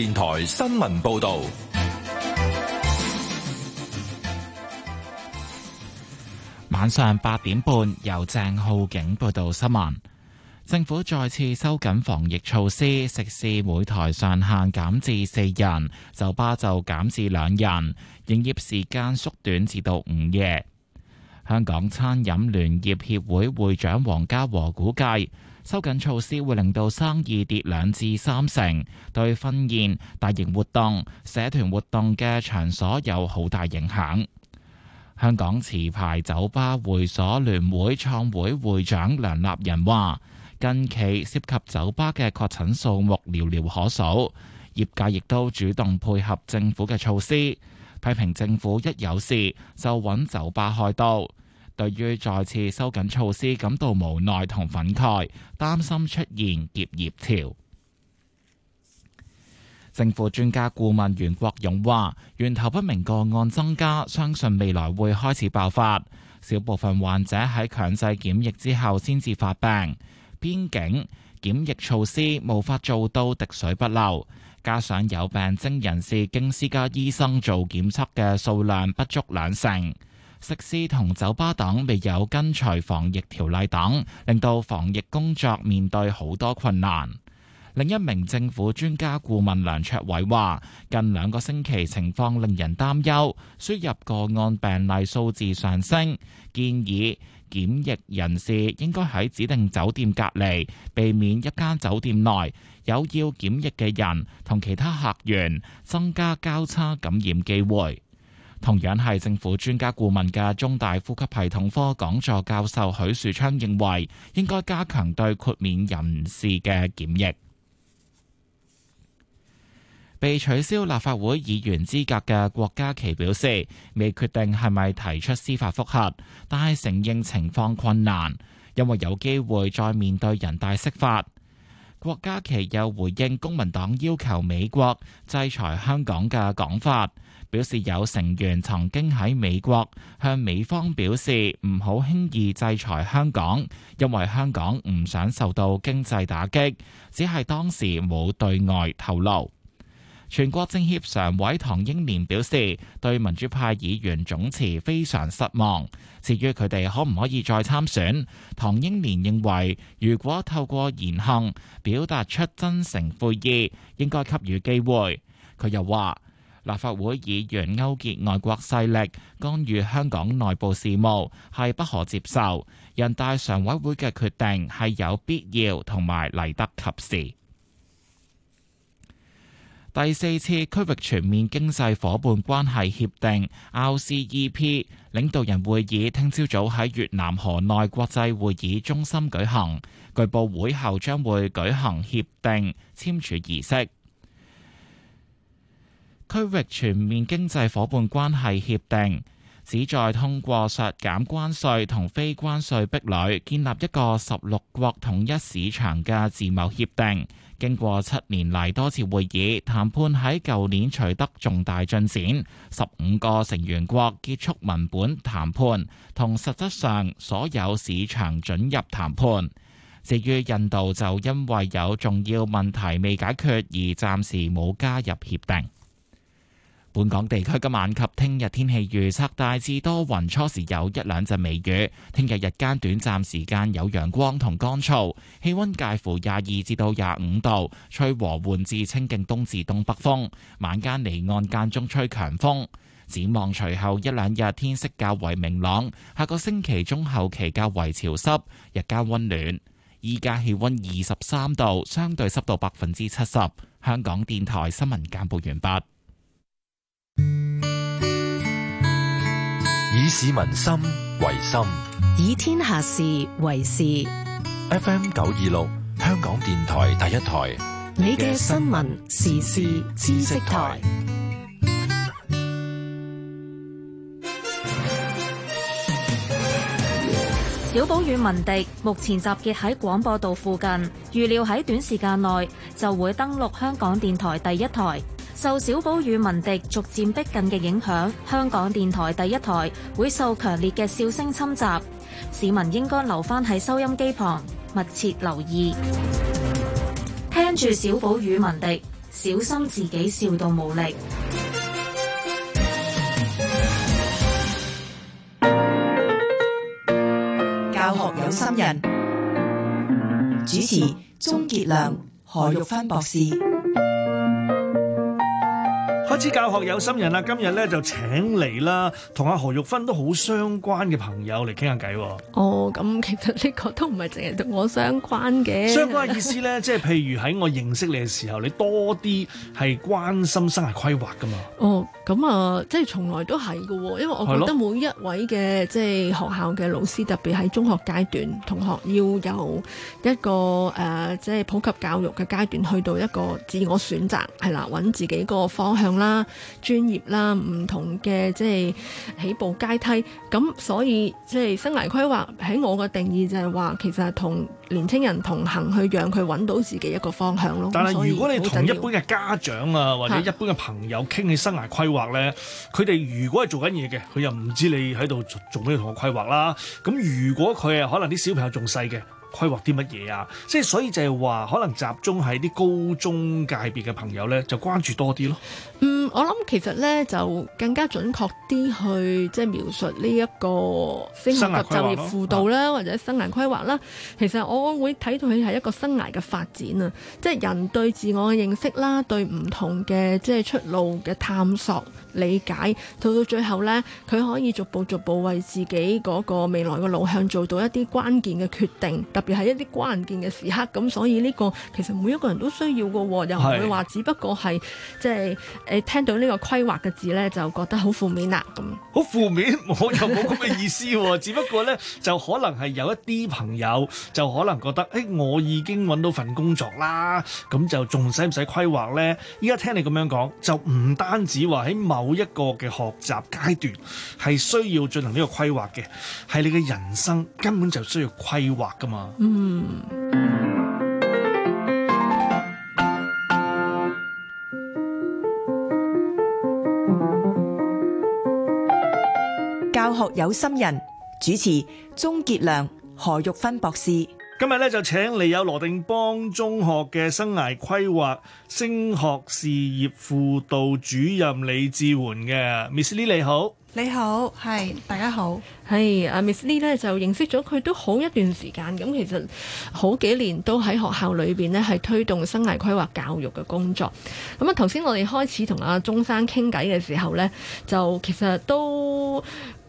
電台新聞報道，晚上八點半由鄭浩景報道新聞。政府再次收緊防疫措施，食肆每台上限減至四人，酒吧就減至兩人，營業時間縮短至到午夜。香港餐飲聯業協，業協會會長黃家和估計。收緊措施會令到生意跌兩至三成，對婚宴、大型活動、社團活動嘅場所有好大影響。香港持牌酒吧會所聯會創會會長梁立仁話：近期涉及酒吧嘅確診數目寥寥可數，業界亦都主動配合政府嘅措施，批評政府一有事就揾酒吧開刀。對於再次收緊措施感到無奈同憤慨，擔心出現結業潮。政府專家顧問袁國勇話：源頭不明個案增加，相信未來會開始爆發。小部分患者喺強制檢疫之後先至發病。邊境檢疫措施無法做到滴水不漏，加上有病徵人士經私家醫生做檢測嘅數量不足兩成。食肆同酒吧等未有跟隨防疫條例等，令到防疫工作面對好多困難。另一名政府專家顧問梁卓偉話，近兩個星期情況令人擔憂，輸入個案病例數字上升，建議檢疫人士應該喺指定酒店隔離，避免一間酒店內有要檢疫嘅人同其他客源增加交叉感染機會。同樣係政府專家顧問嘅中大呼吸系統科講座教授許樹昌認為，應該加強對豁免人士嘅檢疫。被取消立法會議員資格嘅郭家麒表示，未決定係咪提出司法覆核，但係承認情況困難，因為有機會再面對人大釋法。郭家麒又回應公民黨要求美國制裁香港嘅講法。表示有成員曾經喺美國向美方表示唔好輕易制裁香港，因為香港唔想受到經濟打擊，只係當時冇對外透露。全國政協常委唐英年表示對民主派議員總辭非常失望。至於佢哋可唔可以再參選，唐英年認為如果透過言行表達出真誠悔意，應該給予機會。佢又話。立法會議員勾結外國勢力，干預香港內部事務，係不可接受。人大常委會嘅決定係有必要同埋嚟得及時。第四次區域全面經濟夥伴關係協定 （RCEP） 領導人會議聽朝早喺越南河內國際會議中心舉行，據報會後將會舉行協定簽署儀式。區域全面經濟伙伴關係協定旨在通過削減關稅同非關稅壁壘，建立一個十六國統一市場嘅自貿協定。經過七年嚟多次會議談判，喺舊年取得重大進展，十五個成員國結束文本談判，同實質上所有市場准入談判。至於印度，就因為有重要問題未解決而暫時冇加入協定。本港地區今晚及聽日天氣預測大致多雲，初時有一兩陣微雨。聽日日間短暫時間有陽光同乾燥，氣溫介乎廿二至到廿五度，吹和緩至清勁東至東北風。晚間離岸間中吹強風。展望隨後一兩日天色較為明朗，下個星期中後期較為潮濕，日間溫暖。依家氣溫二十三度，相對濕度百分之七十。香港電台新聞簡報完畢。以市民心為心，以天下事為事。FM 九二六，香港電台第一台，你嘅新聞時事知識台。小寶與文迪目前集結喺廣播道附近，預料喺短時間內就會登陸香港電台第一台。受小寶與文迪逐漸逼近嘅影響，香港電台第一台會受強烈嘅笑聲侵襲，市民應該留返喺收音機旁，密切留意，聽住小寶與文迪，小心自己笑到冇力。教學有心人，嗯、主持鍾杰良、何玉芬博士。知教學有心人啦，啊，今日咧，就請嚟啦，同阿何玉芬都好相關嘅朋友嚟傾下偈。哦，咁，嗯、其實呢個都唔係淨係同我相關嘅。相關嘅意思咧， 即係譬如喺我認識你嘅時候，你多啲係關心生涯規劃噶嘛。哦，咁啊，即係從來都係嘅，因為我覺得每一位嘅即係學校嘅老師，特別喺中學階段，同學要有一個誒、呃、即係普及教育嘅階段，去到一個自我選擇，係啦，揾自己個方向啦。啦，專業啦，唔同嘅即係起步階梯，咁所以即係生涯規劃喺我嘅定義就係話，其實係同年輕人同行去讓佢揾到自己一個方向咯。但係是如果你同一般嘅家長啊，或者一般嘅朋友傾起生涯規劃咧，佢哋是如果係做緊嘢嘅，佢又唔知你喺度做咩同我規劃啦。咁如果佢係可能啲小朋友仲細嘅，規劃啲乜嘢啊？即係所以就係話，可能集中喺啲高中界別嘅朋友咧，就關注多啲咯。嗯嗯，我諗其實咧就更加準確啲去即係描述呢一個升學及就業輔導啦，或者生涯規劃啦。其實我會睇到佢係一個生涯嘅發展啊，即係人對自我嘅認識啦，對唔同嘅即係出路嘅探索理解，到到最後呢，佢可以逐步逐步為自己嗰個未來嘅路向做到一啲關鍵嘅決定，特別係一啲關鍵嘅時刻。咁所以呢、呢個其實每一個人都需要嘅、喔，又唔會話只不過係即係誒、呃聽到個規劃呢個規劃嘅字咧，就覺得好負面啊！咁好負面，我又冇咁嘅意思、哦， 只不過咧就可能係有一啲朋友就可能覺得，誒、欸，我已經揾到份工作啦，咁就仲使唔使規劃咧？依家聽你咁樣講，就唔單止話喺某一個嘅學習階段係需要進行呢個規劃嘅，係你嘅人生根本就需要規劃噶嘛。嗯。教學有心人主持鍾傑良、何玉芬博士，今日咧就請嚟有羅定邦中學嘅生涯規劃升學事業輔導主任李志媛嘅 Miss Lee 你好，你好，係大家好，係啊 Miss Lee 咧就認識咗佢都好一段時間，咁其實好幾年都喺學校裏邊呢，係推動生涯規劃教育嘅工作。咁啊頭先我哋開始同阿鍾生傾偈嘅時候呢，就其實都。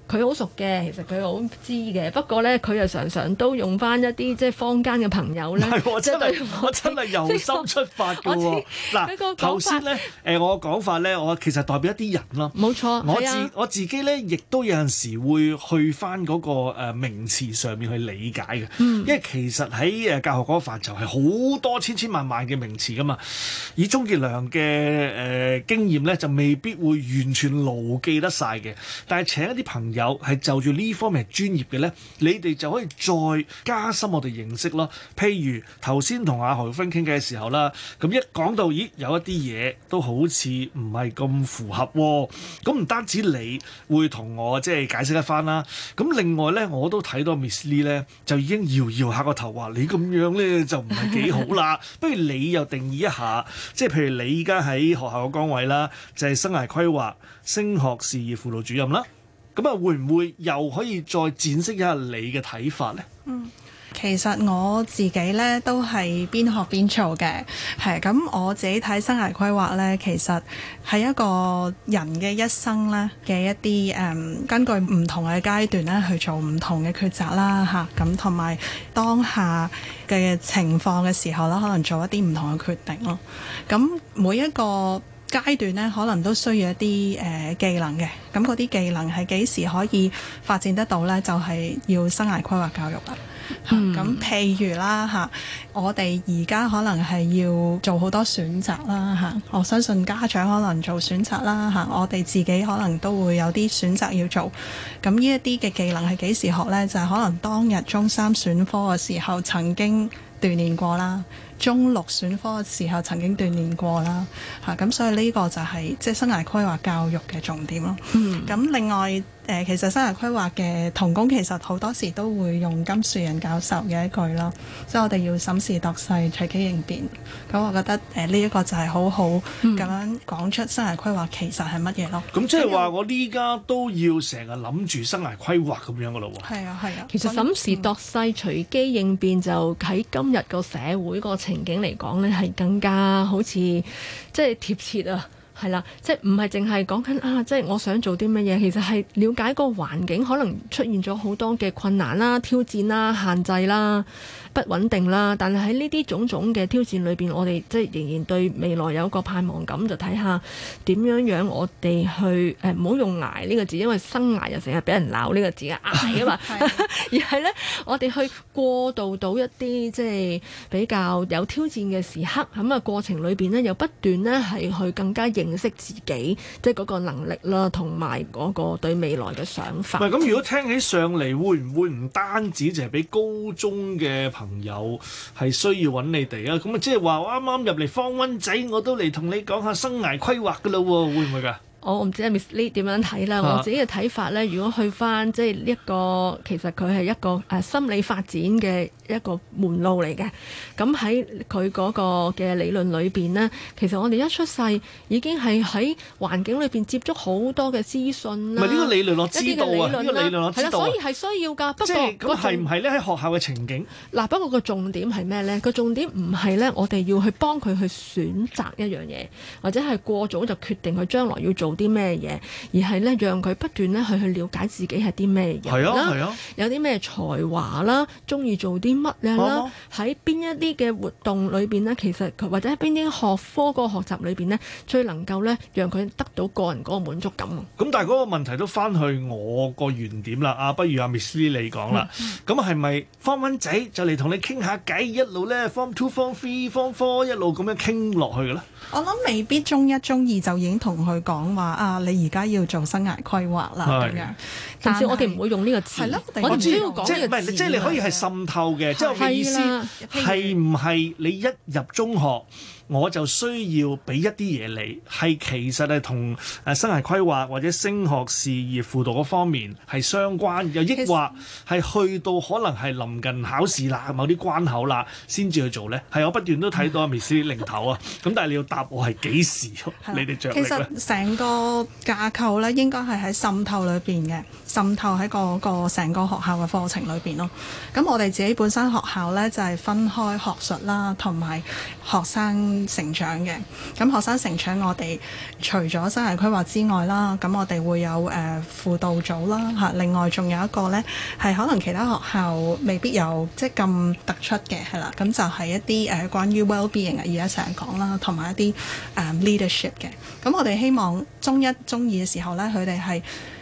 佢好熟嘅，其實佢好知嘅。不過咧，佢又常常都用翻一啲即係坊間嘅朋友咧。係喎，真係我真係由心出發㗎喎。嗱 道，頭先咧，誒我講法咧，我其實代表一啲人咯。冇錯，我自、啊、我自己咧，亦都有陣時會去翻嗰個名詞上面去理解嘅。嗯、因為其實喺誒教學嗰個範疇係好多千千萬萬嘅名詞噶嘛。以鍾傑良嘅誒、呃、經驗咧，就未必會完全牢記得晒嘅。但係請一啲朋友。有係就住呢方面專業嘅呢，你哋就可以再加深我哋認識咯。譬如頭先同阿何芬傾偈嘅時候啦，咁一講到咦，有一啲嘢都好似唔係咁符合。咁唔單止你會同我即係解釋一番啦。咁另外呢，我都睇到 Miss Lee 呢就已經搖搖下個頭 mistake，話你咁樣呢，就唔係幾好啦。不如你又定義一下，即係譬如你依家喺學校嘅崗位啦，就係、是、生涯規劃、升學事業輔導主任啦。咁啊，會唔會又可以再展示一下你嘅睇法呢？嗯，其實我自己咧都係邊學邊做嘅。係咁我自己睇生涯規劃咧，其實係一個人嘅一生咧嘅一啲誒、嗯，根據唔同嘅階段咧去做唔同嘅抉擇啦，吓、啊，咁同埋當下嘅情況嘅時候咧，可能做一啲唔同嘅決定咯。咁每一個階段咧，可能都需要一啲誒、呃、技能嘅，咁嗰啲技能係幾時可以發展得到呢？就係、是、要生涯規劃教育啦。咁、嗯啊、譬如啦，嚇、啊，我哋而家可能係要做好多選擇啦，嚇、啊。我相信家長可能做選擇啦，嚇、啊，我哋自己可能都會有啲選擇要做。咁呢一啲嘅技能係幾時學呢？就係、是、可能當日中三選科嘅時候曾經鍛鍊過啦。中六選科嘅時候曾經鍛鍊過啦，嚇、咁所以呢個就係即係生涯規劃教育嘅重點咯。咁、嗯、另外誒，其實生涯規劃嘅童工其實好多時都會用金樹人教授嘅一句咯，即係我哋要審時度勢、隨機應變。咁我覺得誒呢一個就係好好咁樣講出生涯規劃其實係乜嘢咯。咁、嗯、即係話我呢家都要成日諗住生涯規劃咁樣嘅咯喎。係啊係啊。其實審時度勢、隨機應變就喺今日個社會個情景嚟講咧，係更加好似即係貼切啊。係啦，即係唔係淨係講緊啊，即係我想做啲乜嘢，其實係了解個環境，可能出現咗好多嘅困難啦、挑戰啦、限制啦、不穩定啦。但係喺呢啲種種嘅挑戰裏邊，我哋即係仍然對未來有一個盼望感，就睇下點樣樣我哋去誒，唔好用捱呢個字，因為生涯又成日俾人鬧呢個字嘅捱啊嘛。 而係咧，我哋去過渡到一啲即係比較有挑戰嘅時刻，咁啊過程裏邊呢，又不斷呢係去更加認。認識自己，即係嗰個能力啦，同埋嗰個對未來嘅想法。咁，如果聽起上嚟，會唔會唔單止淨係俾高中嘅朋友係需要揾你哋啊？咁啊，即係話我啱啱入嚟放溫仔，我都嚟同你講下生涯規劃噶啦喎，會唔會噶？ 哦、我唔知 Miss Lee 點樣睇啦，啊、我自己嘅睇法咧，如果去翻即係呢一個其實佢係一個誒、呃、心理發展嘅一個門路嚟嘅。咁喺佢嗰個嘅理論裏邊咧，其實我哋一出世已經係喺環境裏邊接觸好多嘅資訊啦，一呢個理論論、啊、啦，係、啊、所以係需要㗎，不過咁係唔係咧喺學校嘅情景？嗱，不過個重點係咩咧？個重點唔係咧，我哋要去幫佢去選擇一樣嘢，或者係過早就決定佢將來要做。做啲咩嘢，而係咧讓佢不斷咧去去了解自己係啲咩嘢啦，啊啊、有啲咩才華啦，中意做啲乜嘢啦，喺邊、嗯嗯、一啲嘅活動裏邊咧，其實或者喺邊啲學科個學習裏邊咧，最能夠咧讓佢得到個人嗰個滿足感。咁、嗯嗯、但係嗰個問題都翻去我個原點啦，啊，不如阿 Miss Lee 你講啦，咁係咪 Form One 仔就嚟同你傾下偈，一路咧 Form Two Form Three Form Four 一路咁樣傾落去嘅咧？我諗未必中一中二就已經同佢講。話啊！你而家要做生涯規劃啦咁樣，係咯，但係我哋唔會用呢個詞，係，係我哋主要講呢個詞，即係你可以係滲透嘅意思，係唔係你一入中學？係。我就需要俾一啲嘢嚟，係其實係同誒生涯規劃或者升學事業輔導嗰方面係相關，又抑實或係去到可能係臨近考試啦、某啲關口啦，先至去做呢？係我不斷都睇到阿 Miss 零頭啊，咁但係你要答我係幾時？ 你哋着力呢？其實成個架構呢，應該係喺滲透裏邊嘅，滲透喺個個成個學校嘅課程裏邊咯。咁我哋自己本身學校呢，就係分開學術啦，同埋學生。成長嘅，咁學生成長，我哋除咗生涯規劃之外啦，咁我哋會有誒、呃、輔導組啦，嚇、啊，另外仲有一個呢，係可能其他學校未必有，即係咁突出嘅，係啦，咁就係一啲誒、呃、關於 wellbeing 啊，而家成日講啦，同埋一啲 leadership 嘅，咁我哋希望中一、中二嘅時候呢，佢哋係。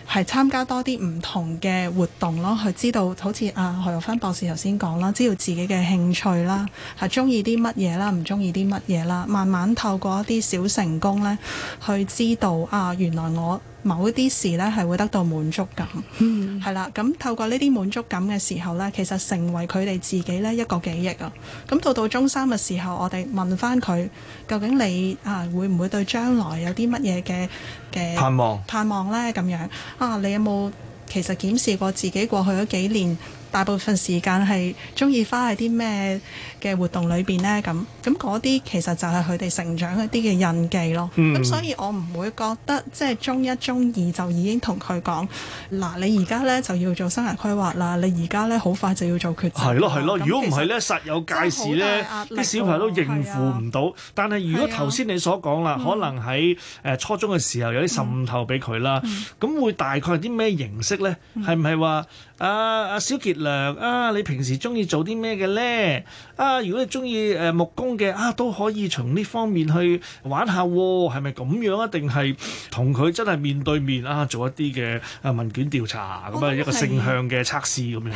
係參加多啲唔同嘅活動咯，去知道好似啊何玉芬博士頭先講啦，知道自己嘅興趣啦，係中意啲乜嘢啦，唔中意啲乜嘢啦，慢慢透過一啲小成功咧，去知道啊原來我。某啲事呢係會得到滿足感，係啦、嗯。咁透過呢啲滿足感嘅時候呢，其實成為佢哋自己呢一個記憶啊。咁到到中三嘅時候，我哋問翻佢：究竟你啊會唔會對將來有啲乜嘢嘅嘅盼望？盼望呢咁樣啊？你有冇其實檢視過自己過去嗰幾年？大部分時間係鍾意花喺啲咩嘅活動裏邊呢？咁，咁嗰啲其實就係佢哋成長一啲嘅印記咯。咁所以我唔會覺得即係中一中二就已經同佢講嗱，你而家呢，就要做生涯規劃啦，你而家呢，好快就要做決策。係咯係咯，如果唔係呢，實有屆時呢，啲小朋友都應付唔到。但係如果頭先你所講啦，可能喺誒初中嘅時候有啲滲透俾佢啦，咁會大概啲咩形式呢？係唔係話阿阿小傑？量啊！你平時中意做啲咩嘅咧？啊，如果你中意誒木工嘅啊，都可以從呢方面去玩下啊，係咪咁樣啊？定係同佢真係面對面啊，做一啲嘅啊問卷調查咁啊，一個性向嘅測試咁樣。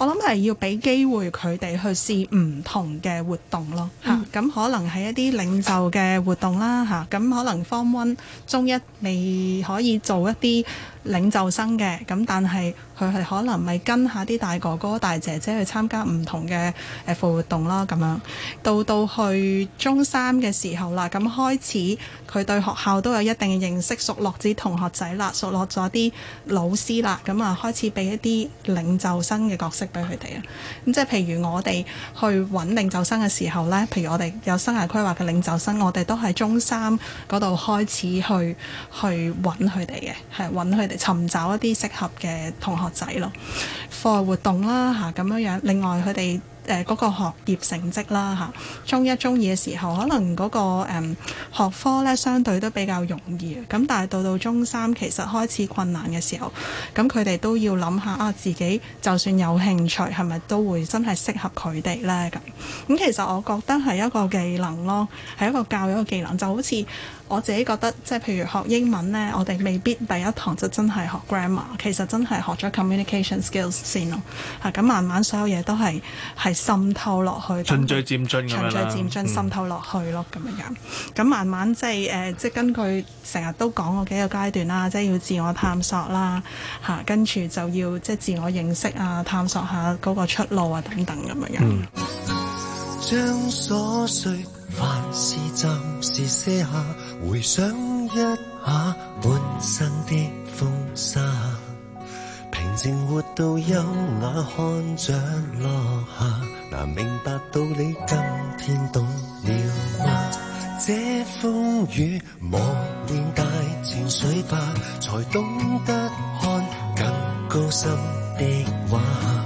我諗係要俾機會佢哋去試唔同嘅活動咯，咁可能係一啲領袖嘅活動啦，嚇咁可能方 o n e 中一未可以做一啲領袖生嘅，咁但係佢係可能咪跟下啲大哥哥大姐姐去參加唔同嘅誒活動啦，咁樣到到去中三嘅時候啦，咁開始佢對學校都有一定嘅認識，熟絡至同學仔啦，熟絡咗啲老師啦，咁啊開始俾一啲領袖生嘅角色。俾佢哋啊！咁即係譬如我哋去揾領袖生嘅時候呢，譬如我哋有生涯規劃嘅領袖生，我哋都喺中三嗰度開始去去揾佢哋嘅，係揾佢哋尋找一啲適合嘅同學仔咯，課外活動啦嚇咁樣樣。另外佢哋。誒嗰，呃那個學業成績啦嚇，中一中二嘅時候，可能嗰，那個誒、嗯、學科咧相對都比較容易，咁但係到到中三其實開始困難嘅時候，咁佢哋都要諗下啊，自己就算有興趣係咪都會真係適合佢哋咧咁？咁其實我覺得係一個技能咯，係一個教育嘅技能，就好似。我自己覺得即係譬如學英文呢，我哋未必第一堂就真係學 grammar，其實真係學咗 communication skills 先咯。嚇，咁慢慢所有嘢都係係滲透落去，循序漸進循序漸進滲透落去咯，咁樣樣。咁、嗯、慢慢即係誒，即係根據成日都講嗰幾個階段啦，即係要自我探索啦，嚇，跟住就要即係自我認識啊，探索下嗰個出路啊，等等咁樣樣。嗯將瑣碎凡事暫時卸下，回想一下滿身的風沙，平靜活到優雅，看着落下。難明白到你今天懂了嗎？這風雨磨練大情水吧，才懂得看更高深的話。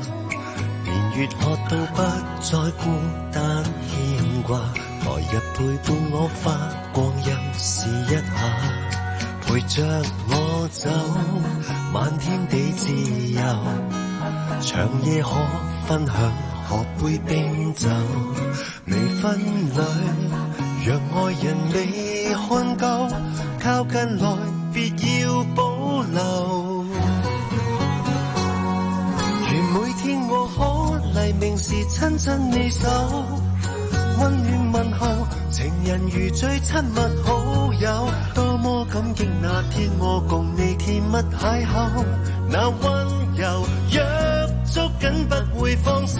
越喝到不再孤單牽掛，來日陪伴我發光又試一下，陪着我走，漫天地自由，長夜可分享，喝杯冰酒。未分裏，若愛人未看夠，靠近來，別要保留。親親你手，溫暖問候，情人如最親密好友，多麼感激那天我共你甜蜜邂逅，那温柔約捉緊不會放手，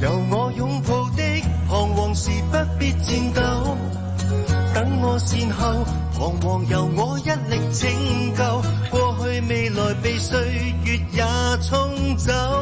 由我擁抱的彷徨時不必顫抖，等我善後彷徨由我一力拯救，過去未來被歲月也沖走。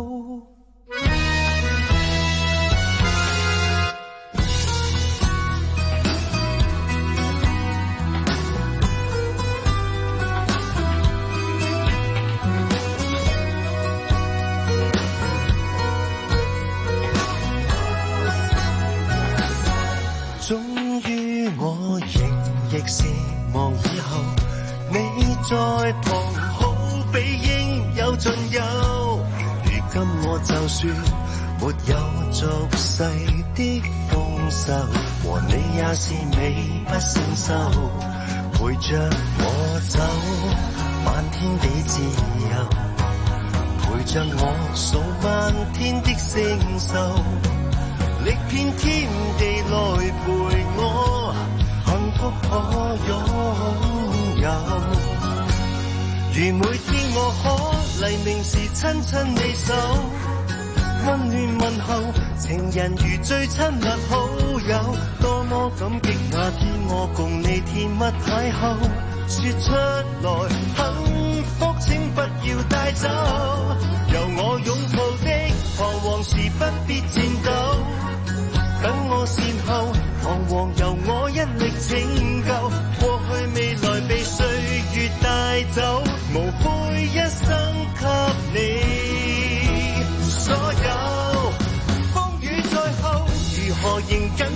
說沒有俗世的豐收，和你也是美不勝收。陪着我走，漫天地自由。陪着我數漫天的星宿，歷遍天地來陪我，幸福可擁有。如每天我可黎明時親親你手。溫暖問候，情人如最親密好友，多麼感激那天我共你甜蜜邂逅。說出來幸福請不要帶走，由我擁抱的彷徨時不必顫抖，等我善後彷徨由我一力拯救，過去未來被歲月帶走，無悔一生給你。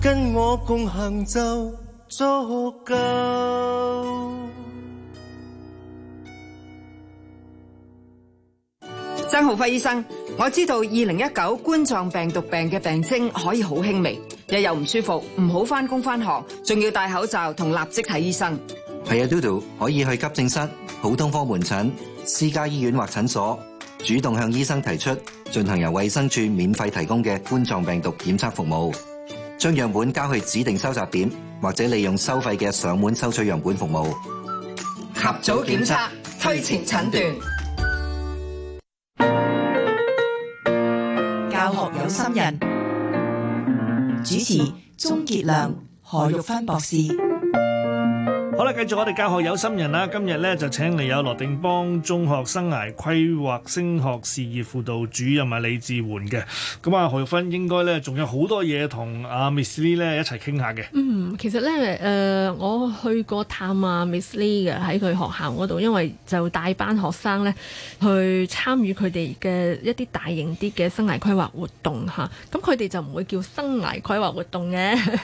跟我共行就足夠。曾浩輝醫生，我知道二零一九冠狀病毒病嘅病徵可以好輕微，日又唔舒服，唔好返工返學，仲要戴口罩同立即睇醫生。係啊，Dodo 可以去急症室、普通科門診、私家醫院或診所，主動向醫生提出進行由衛生署免費提供嘅冠狀病毒檢測服務。將樣本交去指定收集點，或者利用收費嘅上門收取樣本服務。及早檢測，推前診斷。教學有心人，主持：鍾傑良、何玉芬博士。好啦，繼續我哋教學有心人啦，今日呢，就請嚟有羅定邦中學生涯規劃升學事業輔導主任啊李志媛嘅，咁啊何玉芬應該呢，仲有好多嘢同阿 Miss Lee 呢一齊傾下嘅。嗯，其實呢，誒、呃，我去過探啊 Miss Lee 嘅喺佢學校嗰度，因為就帶班學生呢去參與佢哋嘅一啲大型啲嘅生涯規劃活動吓，咁佢哋就唔會叫生涯規劃活動嘅，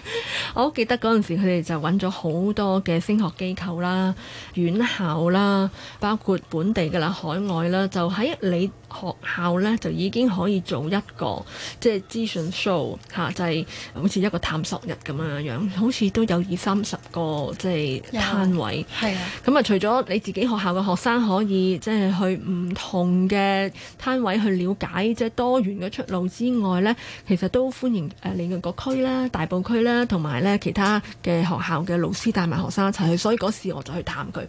我好記得嗰陣時佢哋就揾咗好多嘅升學。機構啦、院校啦，包括本地嘅啦、海外啦，就喺你學校咧，就已經可以做一個即係資訊 show 吓、啊，就係、是、好似一個探索日咁樣樣，好似都有二三十個即係攤 Yeah. 位。係啊咁啊！除咗你自己學校嘅學生可以即係去唔同嘅攤位去了解，即係多元嘅出路之外咧，其實都歡迎誒、呃，你嘅各區啦、大埔區啦，同埋咧其他嘅學校嘅老師帶埋學生一齊。所以嗰時我再去探佢，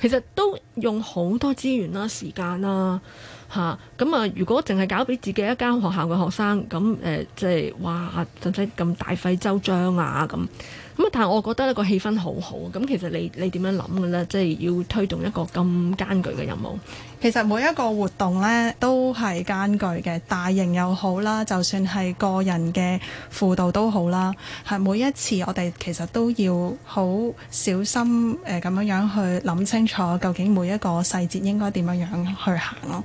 其實都用好多資源啦、時間啦。嚇！咁啊，如果淨係搞俾自己一間學校嘅學生，咁誒、呃，即係哇，使咁大費周章啊？咁咁啊！但係我覺得呢個氣氛好好。咁其實你你點樣諗嘅呢？即係要推動一個咁艱巨嘅任務。其實每一個活動呢都係艱巨嘅，大型又好啦，就算係個人嘅輔導都好啦，係每一次我哋其實都要好小心誒咁樣樣去諗清楚，究竟每一個細節應該點樣樣去行咯。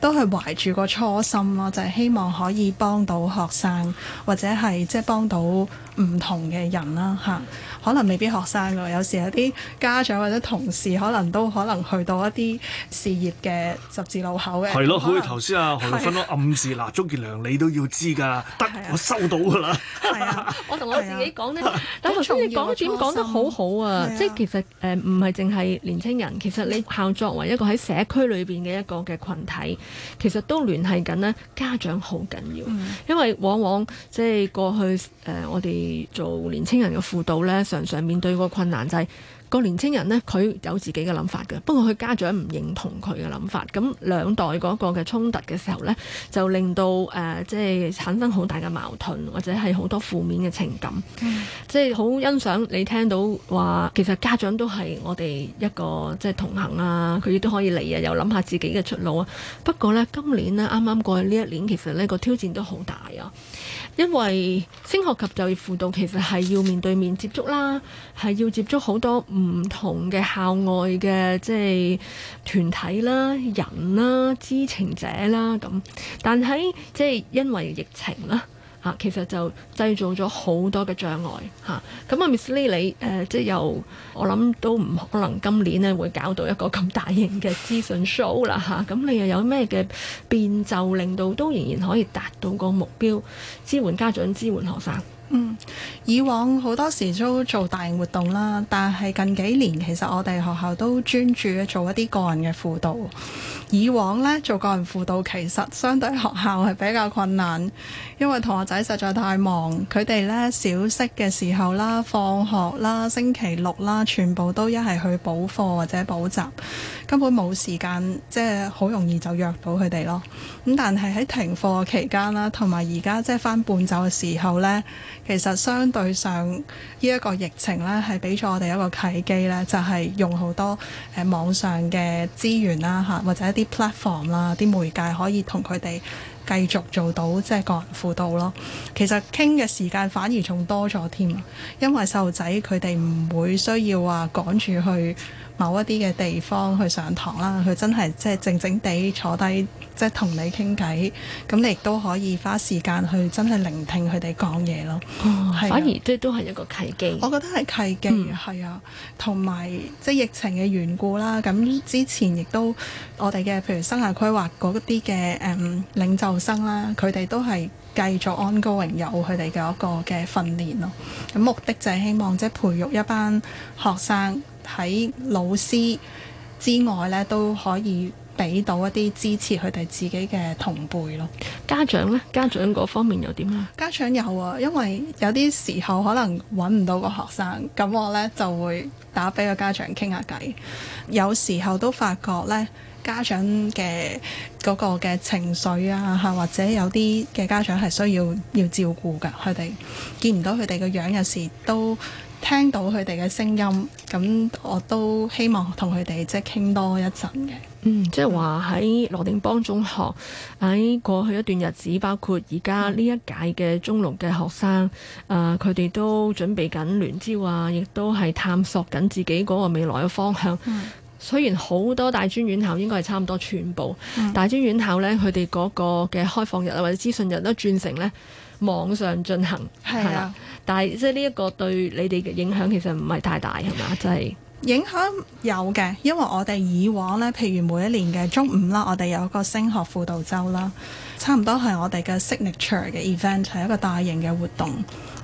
都係懷住個初心咯，就係、是、希望可以幫到學生，或者係即係幫到唔同嘅人啦嚇。可能未必學生㗎，有時有啲家長或者同事，可能都可能去到一啲事業嘅十字路口嘅。係咯的能，好似頭先阿何老師都暗示嗱，鍾是的 杰良你都要知㗎，得的我收到㗎啦的。 我同我自己講咧，等的我講點講得好好啊！即係其實誒唔係淨係年青人，其實你， 你校作為一個喺社區裏邊嘅一個嘅群體。其實都聯繫緊呢家長好緊要，因為往往即係、就是、過去誒、呃，我哋做年青人嘅輔導呢，常常面對個困難就係、是。個年青人呢，佢有自己嘅諗法嘅，不過佢家長唔認同佢嘅諗法，咁兩代嗰個嘅衝突嘅時候呢，就令到誒、呃、即係產生好大嘅矛盾，或者係好多負面嘅情感。 即係好欣賞你聽到話，其實家長都係我哋一個即係同行啊，佢亦都可以嚟啊，又諗下自己嘅出路啊。不過呢，今年呢，啱啱過嚟呢一年，其實呢個挑戰都好大啊。因為升學及就業輔導其實係要面對面接觸啦，係要接觸好多唔同嘅校外嘅即係團體啦、人啦、知情者啦咁，但喺即係因為疫情啦。啊，其實就製造咗好多嘅障礙嚇。咁啊，Miss Lee，你、呃、誒即係又我諗都唔可能今年咧會搞到一個咁大型嘅資訊 show 啦嚇。咁、啊、你又有咩嘅變奏令到都仍然可以達到個目標，支援家長、支援學生？嗯，以往好多時都做大型活動啦，但係近幾年其實我哋學校都專注做一啲個人嘅輔導。以往呢，做個人輔導其實相對學校係比較困難，因為同學仔實在太忙，佢哋呢，小息嘅時候啦、放學啦、星期六啦，全部都一係去補課或者補習，根本冇時間，即係好容易就約到佢哋咯。咁但係喺停課期間啦，同埋而家即係返半晝嘅時候呢，其實相對上呢一個疫情呢，係俾咗我哋一個契機呢，就係用好多誒網上嘅資源啦嚇，或者一啲啲 platform 啦，啲媒介可以同佢哋繼續做到，即係個人輔導咯。其實傾嘅時間反而仲多咗添，因為細路仔佢哋唔會需要話趕住去。某一啲嘅地方去上堂啦，佢真係，即係靜靜地坐低，即係同你傾偈，咁你亦都可以花時間去真係聆聽佢哋講嘢咯。反而即都係一個契機，我覺得係契機，係、嗯、啊，同埋即係疫情嘅緣故啦。咁之前亦都我哋嘅譬如生涯規劃嗰啲嘅誒領袖生啦，佢哋都係繼續 ongoing，有佢哋嘅一個嘅訓練咯。咁目的就係希望即係培育一班學生。喺老師之外呢，都可以俾到一啲支持佢哋自己嘅同輩咯。家長呢？家長嗰方面又點呀？家長有啊，因為有啲時候可能揾唔到個學生，咁我呢就會打俾個家長傾下偈。有時候都發覺呢，家長嘅嗰個嘅情緒啊，嚇或者有啲嘅家長係需要要照顧㗎，佢哋見唔到佢哋個樣有時都。聽到佢哋嘅聲音，咁我都希望同佢哋即係傾多一陣嘅。嗯，即係話喺羅定邦中學喺過去一段日子，包括而家呢一屆嘅中六嘅學生，誒佢哋都準備緊聯招啊，亦都係探索緊自己嗰個未來嘅方向。嗯、雖然好多大專院校應該係差唔多全部、嗯、大專院校呢，佢哋嗰個嘅開放日啊或者資訊日都轉成呢。網上進行係啦的，但係即係呢一個對你哋嘅影響其實唔係太大係嘛？就係、是、影響有嘅，因為我哋以往呢，譬如每一年嘅中五啦，我哋有一個升學輔導周啦，差唔多係我哋嘅 signature 嘅 event，係一個大型嘅活動。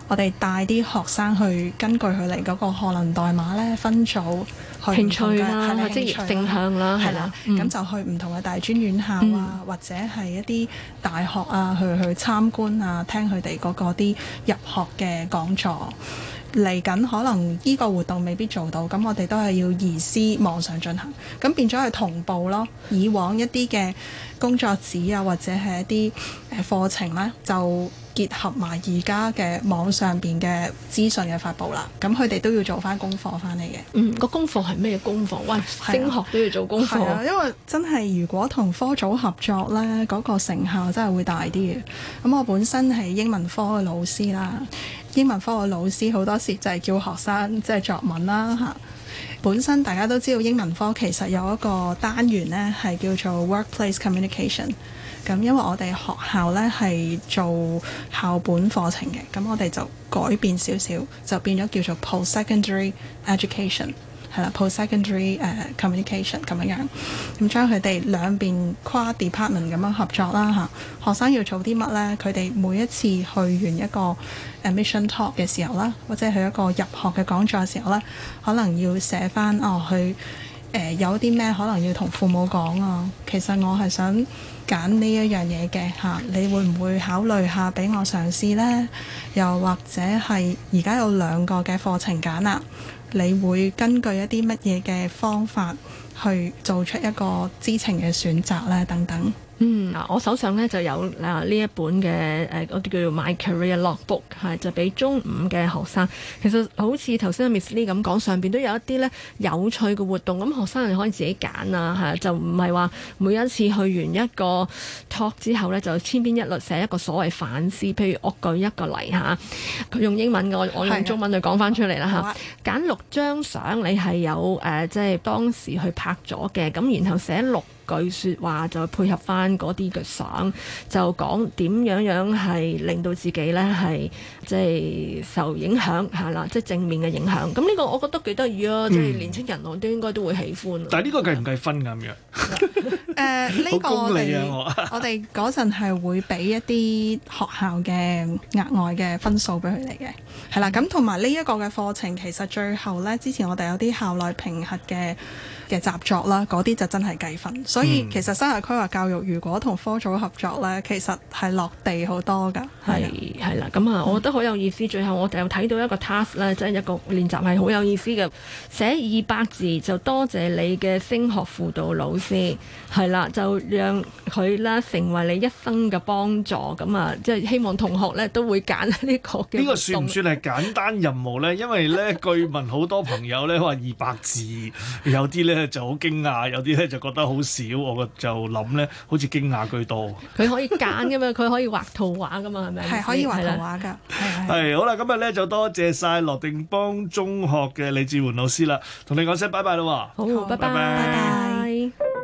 我哋帶啲學生去根據佢哋嗰個學能代碼咧分組去興趣啦，係啦，性向啦，係啦的，咁、嗯、就去唔同嘅大專院校啊，嗯、或者係一啲大學啊，去去參觀啊，聽佢哋嗰個啲入學嘅講座。嚟緊可能呢個活動未必做到，咁我哋都係要移師網上進行，咁變咗係同步咯。以往一啲嘅工作紙啊，或者係一啲誒課程咧，就～結合埋而家嘅網上邊嘅資訊嘅發布啦，咁佢哋都要做翻功課翻嚟嘅。嗯，個功課係咩功課？喂，升學都要做功課啊！因為真係如果同科組合作呢，嗰個成效真係會大啲嘅。咁我本身係英文科嘅老師啦，英文科嘅老師好多時就係叫學生即係、就是、作文啦嚇。本身大家都知道英文科其實有一個單元呢，係叫做 Workplace Communication。咁因為我哋學校咧係做校本課程嘅，咁我哋就改變少少，就變咗叫做 post-secondary education 係啦，post-secondary、uh, communication 咁樣樣，咁將佢哋兩邊跨 department 咁樣合作啦嚇。學生要做啲乜咧？佢哋每一次去完一個 admission talk 嘅時候啦，或者去一個入學嘅講座嘅時候咧，可能要寫翻哦去。誒、呃、有啲咩可能要同父母講啊？其實我係想揀呢一樣嘢嘅嚇，你會唔會考慮下俾我嘗試呢？又或者係而家有兩個嘅課程揀啦，你會根據一啲乜嘢嘅方法去做出一個知情嘅選擇呢？等等。嗯，嗱，我手上咧就有啊呢一本嘅誒，啲、啊、叫做 My Career Notebook，係就俾中五嘅學生。其實好似頭先阿 Miss Lee 咁講，上邊都有一啲咧有趣嘅活動，咁、嗯、學生你可以自己揀啊，嚇就唔係話每一次去完一個 talk 之後咧就千篇一律寫一個所謂反思。譬如我舉一個例嚇，佢、啊、用英文嘅，我用中文就講翻出嚟啦嚇。揀的、啊、六張相，你係有誒、啊，即係當時去拍咗嘅，咁然後寫六。句説話再配合翻嗰啲嘅相，就講點樣樣係令到自己呢係即係受影響，係啦，即係正面嘅影響。咁呢個我覺得幾得意咯，嗯、即係年青人我都應該都會喜歡。但係呢個計唔計分㗎咁樣？誒，呢個我哋 我哋嗰陣係會俾一啲學校嘅額外嘅分數俾佢哋嘅，係啦。咁同埋呢一個嘅課程，其實最後呢，之前我哋有啲校內評核嘅。嘅習作啦，嗰啲就真係計分。所以其實生涯規劃教育如果同科組合作呢，其實係落地好多噶。係係啦，咁啊的，嗯、我覺得好有意思。最後我哋又睇到一個 task 咧，即係一個練習係好有意思嘅，寫二百字就多謝,謝你嘅升學輔導老師係啦，就讓佢啦成為你一生嘅幫助。咁啊，即係希望同學呢都會揀呢個。呢個算唔算係簡單任務呢？ 因為呢據聞好多朋友咧話二百字，有啲呢。 就好驚訝，有啲咧就覺得好少，我就諗咧好似驚訝居多。佢可以揀噶嘛，佢 可以畫圖畫噶嘛，係咪？係 可以畫圖畫噶。係 好啦，今日咧就多謝晒羅定邦中學嘅李志媛老師啦，同你講聲拜拜啦。好，拜拜，拜拜。